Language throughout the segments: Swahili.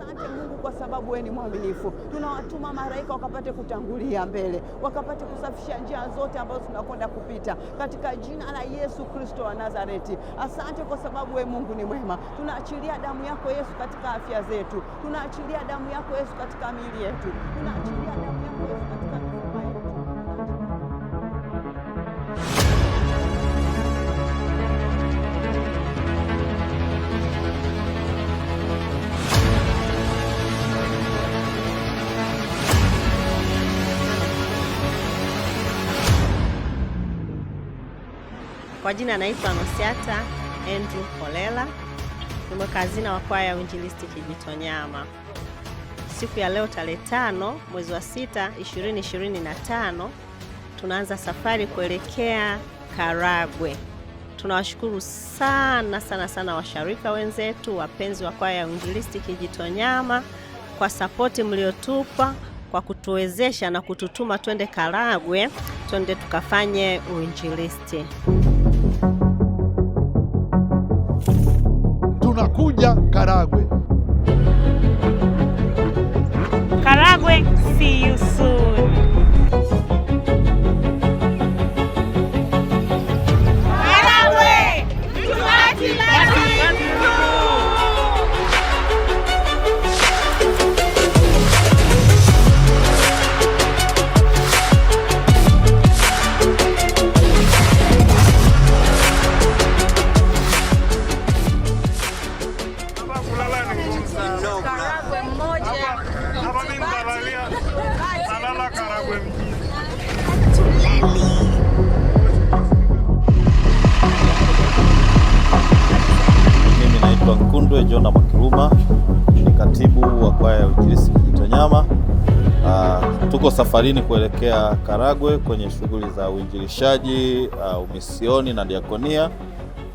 Asante Mungu kwa sababu ni mwaminifu. Tunawatuma malaika wakapate kutangulia mbele, wakapate kusafisha njia zote ambazo tunakwenda kupita, katika jina la Yesu Kristo wa Nazareti. Asante kwa sababu we Mungu ni mwema. Tunaachilia damu yako Yesu katika afya zetu, tunaachilia damu yako Yesu katika miili yetu, tunaachilia damu yako Yesu katika Kwa jina anaitwa Nosiata Andrew Kolela, ni mweka wa kwaya ya Uinjilisti Kijitonyama. Siku ya leo tarehe tano mwezi wa sita 2025 tunaanza safari kuelekea Karagwe. Tunawashukuru sana sana sana washarika wenzetu, wapenzi wa kwaya ya Uinjilisti Kijitonyama kwa sapoti mliotupa kwa kutuwezesha na kututuma twende Karagwe, twende tukafanye uinjilisti. kuja Karagwe. Karagwe, see you soon. mimi naitwa Kundwe Jona Mwakiruma, ni katibu wa kwaya ya Uinjilisti Kijitonyama. Uh, ah, tuko safarini kuelekea Karagwe kwenye shughuli za uinjilishaji, uh, umisioni na diakonia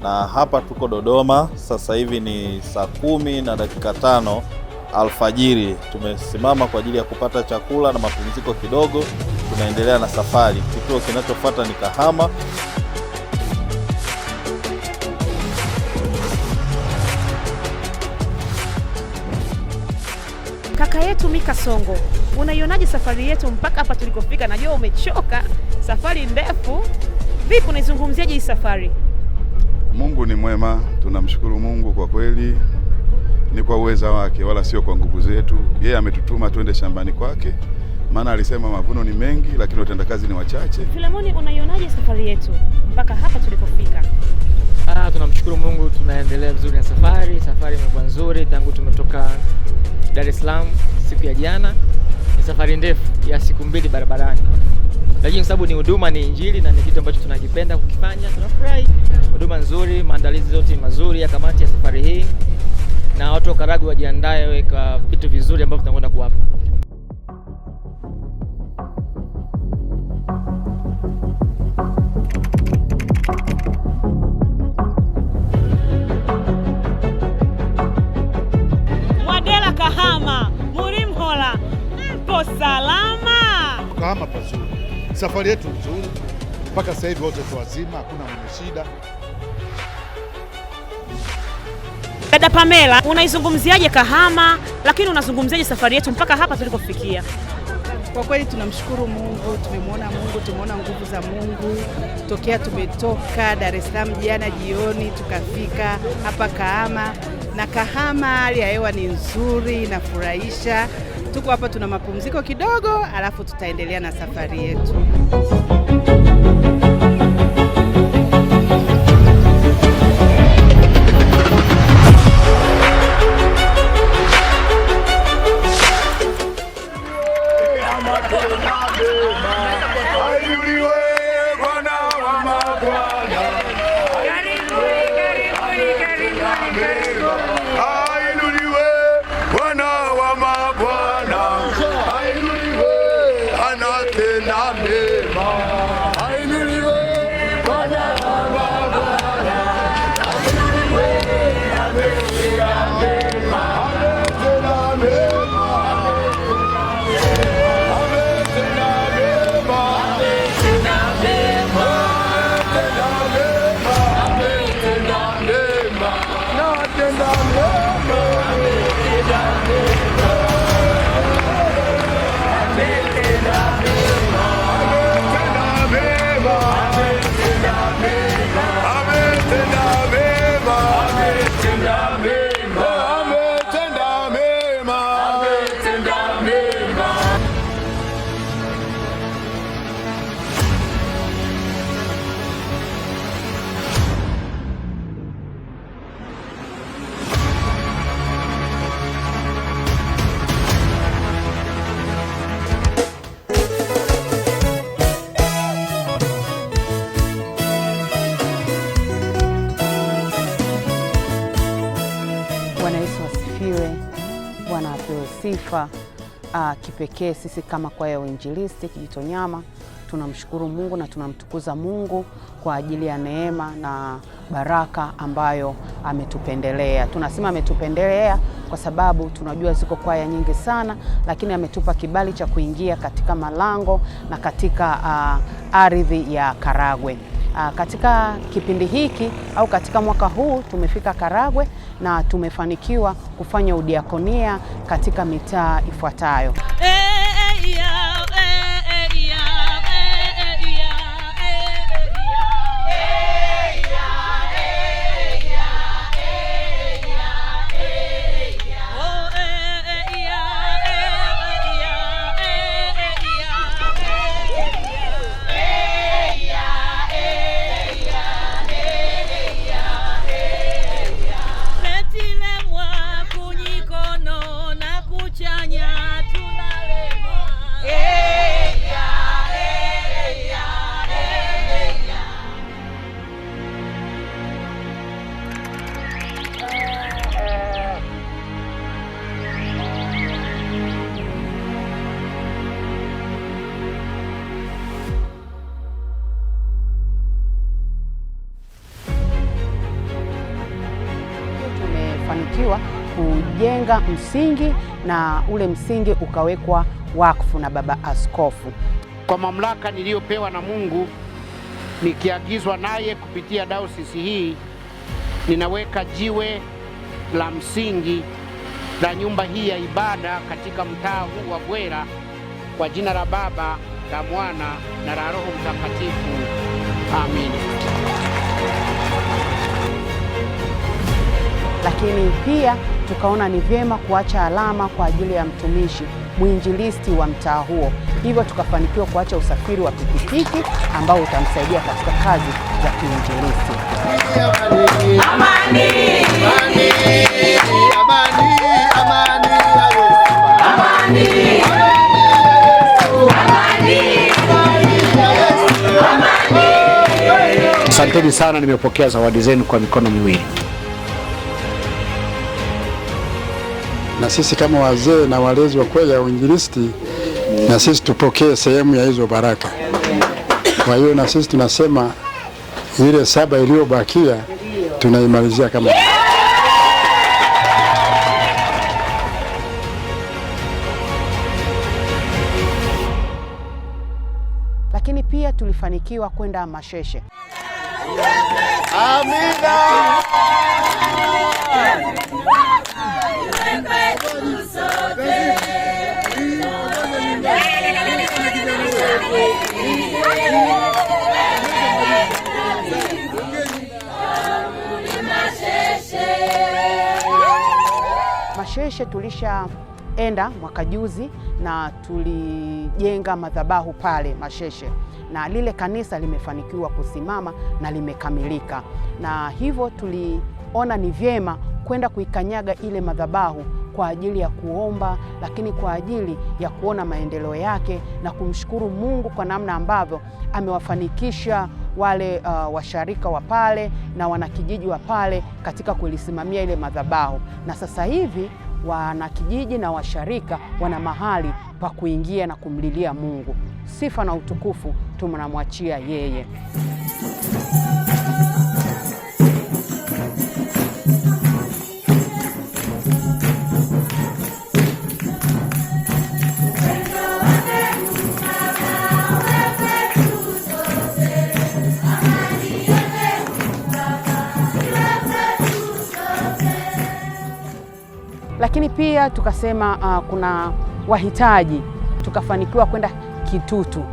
na hapa tuko Dodoma sasa hivi ni saa kumi na dakika tano alfajiri. Tumesimama kwa ajili ya kupata chakula na mapumziko kidogo, tunaendelea na safari. Kituo kinachofuata ni Kahama. Kaka yetu Mika Songo, unaionaje safari yetu mpaka hapa tulikofika? Najua umechoka, safari ndefu. Vipi, unaizungumziaje hii safari? Mungu ni mwema, tunamshukuru Mungu kwa kweli ni kwa uweza wake, wala sio kwa nguvu zetu. Yeye ametutuma twende shambani kwake, maana alisema mavuno ni mengi, lakini watendakazi ni wachache. Filemoni, unaionaje safari yetu mpaka hapa tulipofika? Ah, tunamshukuru Mungu, tunaendelea vizuri na safari. Safari imekuwa nzuri tangu tumetoka Dar es Salaam siku ya jana. Ni safari ndefu ya siku mbili barabarani, lakini sababu ni huduma, ni Injili na ni kitu ambacho tunakipenda kukifanya, tunafurahi. Huduma nzuri, maandalizi yote mazuri ya kamati ya safari watu wa Karagwe wajiandae, weka vitu vizuri ambavyo tunakwenda kuwapa. Wadela Kahama murimhola mpo salama? Kahama pazuri, safari yetu nzuri mpaka sasa hivi, wote tu wazima, hakuna mwenye shida. Dada Pamela, unaizungumziaje Kahama, lakini unazungumziaje safari yetu mpaka hapa tulikofikia? Kwa kweli tunamshukuru Mungu, tumemwona Mungu, tumeona nguvu za Mungu tokea tumetoka Dar es Salaam jana jioni tukafika hapa Kahama, na Kahama hali ya hewa ni nzuri, inafurahisha. Tuko hapa tuna mapumziko kidogo, alafu tutaendelea na safari yetu. sifa uh, ah, kipekee sisi kama kwaya ya uinjilisti Kijitonyama tunamshukuru Mungu na tunamtukuza Mungu kwa ajili ya neema na baraka ambayo ametupendelea. Tunasema ametupendelea kwa sababu tunajua ziko kwaya nyingi sana, lakini ametupa kibali cha kuingia katika malango na katika uh, ardhi ya Karagwe. Aa, ah, katika kipindi hiki au katika mwaka huu tumefika Karagwe na tumefanikiwa kufanya udiakonia katika mitaa ifuatayo. Eh, kujenga msingi na ule msingi ukawekwa wakfu na Baba Askofu. Kwa mamlaka niliyopewa na Mungu nikiagizwa naye kupitia dayosisi hii, ninaweka jiwe la msingi la nyumba hii ya ibada katika mtaa huu wa Bwera kwa jina la Baba, la Mwana na la Roho Mtakatifu. Amina. lakini pia tukaona ni vyema kuacha alama kwa ajili ya mtumishi mwinjilisti wa mtaa huo. Hivyo tukafanikiwa kuacha usafiri wa pikipiki ambao utamsaidia katika kazi za kiinjilisti. Asanteni sana, nimepokea zawadi zenu kwa mikono miwili. na sisi kama wazee na walezi wa kweli ya uinjilisti, na sisi tupokee sehemu ya hizo baraka. Kwa hiyo na sisi tunasema ile saba iliyobakia tunaimalizia kama lakini pia tulifanikiwa kwenda Masheshe. Amina. Masheshe tulishaenda mwaka juzi na tulijenga madhabahu pale Masheshe na lile kanisa limefanikiwa kusimama na limekamilika, na hivyo tuliona ni vyema kwenda kuikanyaga ile madhabahu kwa ajili ya kuomba, lakini kwa ajili ya kuona maendeleo yake na kumshukuru Mungu kwa namna ambavyo amewafanikisha wale uh, washarika wa pale na wanakijiji wa pale katika kulisimamia ile madhabahu, na sasa hivi wanakijiji na washarika wana mahali pa kuingia na kumlilia Mungu. Sifa na utukufu tunamwachia yeye. lakini pia tukasema uh, kuna wahitaji tukafanikiwa kwenda Kitutu.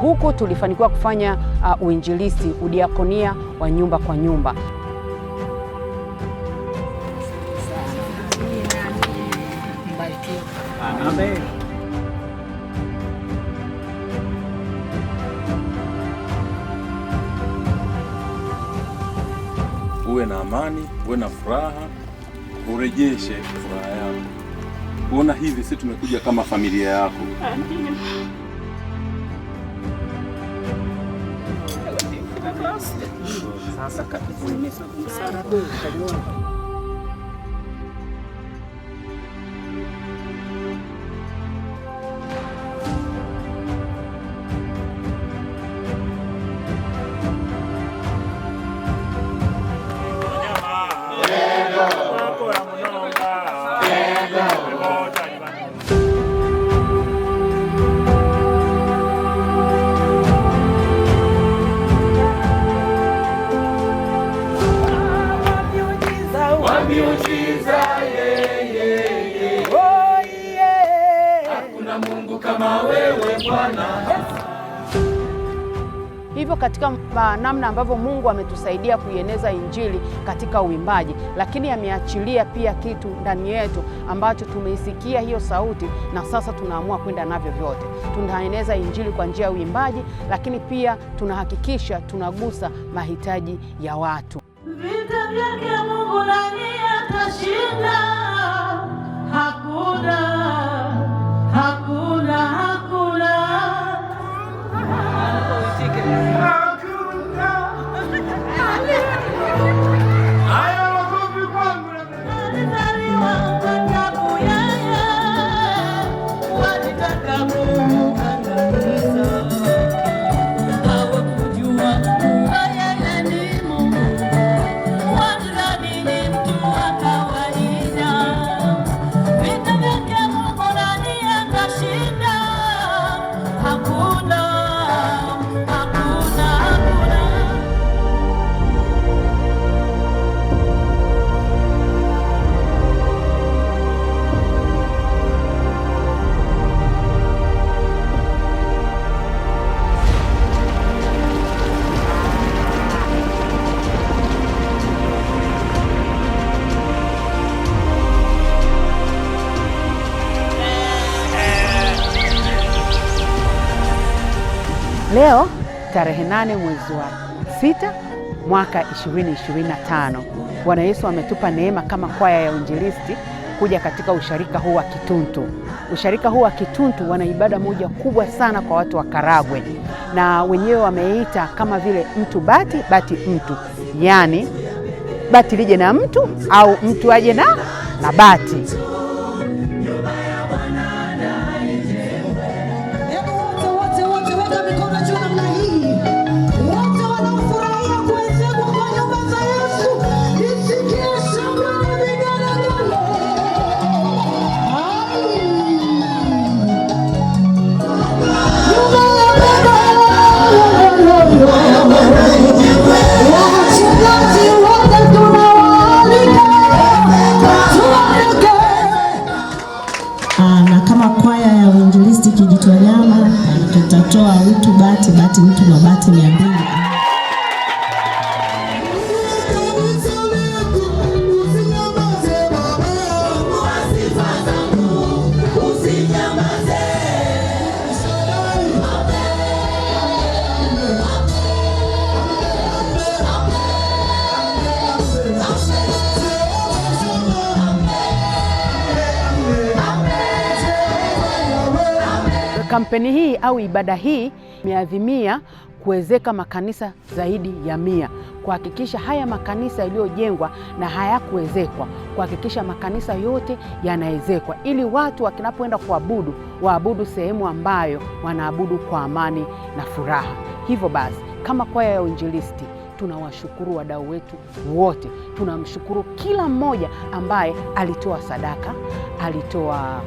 Huku tulifanikiwa kufanya uh, uinjilisti, udiakonia wa nyumba kwa nyumba. Amen. uwe na amani, uwe na furaha, urejeshe furaha yako. Kuona hivi sisi tumekuja kama familia yako. Sasa kabisa. hivyo katika uh, namna ambavyo Mungu ametusaidia kuieneza Injili katika uimbaji, lakini ameachilia pia kitu ndani yetu ambacho tumeisikia hiyo sauti, na sasa tunaamua kwenda navyo vyote. Tunaeneza Injili kwa njia ya uimbaji, lakini pia tunahakikisha tunagusa mahitaji ya watu. leo tarehe nane mwezi wa sita mwaka 2025 Bwana Yesu ametupa neema kama kwaya ya uinjilisti kuja katika usharika huu wa Kituntu. Usharika huu wa Kituntu wana ibada moja kubwa sana kwa watu wa Karagwe, na wenyewe wameita kama vile mtu bati bati mtu, yaani bati lije na mtu au mtu aje na na bati. Kampeni hii au ibada hii imeadhimia kuwezeka makanisa zaidi ya mia, kuhakikisha haya makanisa yaliyojengwa na hayakuwezekwa, kuhakikisha makanisa yote yanawezekwa, ili watu wakinapoenda kuabudu waabudu sehemu ambayo wanaabudu kwa amani na furaha. Hivyo basi, kama kwaya ya Uinjilisti tunawashukuru wadau wetu wote, tunamshukuru kila mmoja ambaye alitoa sadaka, alitoa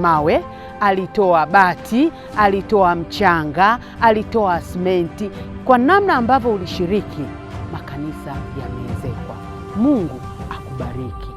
mawe alitoa bati, alitoa mchanga, alitoa simenti. Kwa namna ambavyo ulishiriki, makanisa yameezekwa. Mungu akubariki.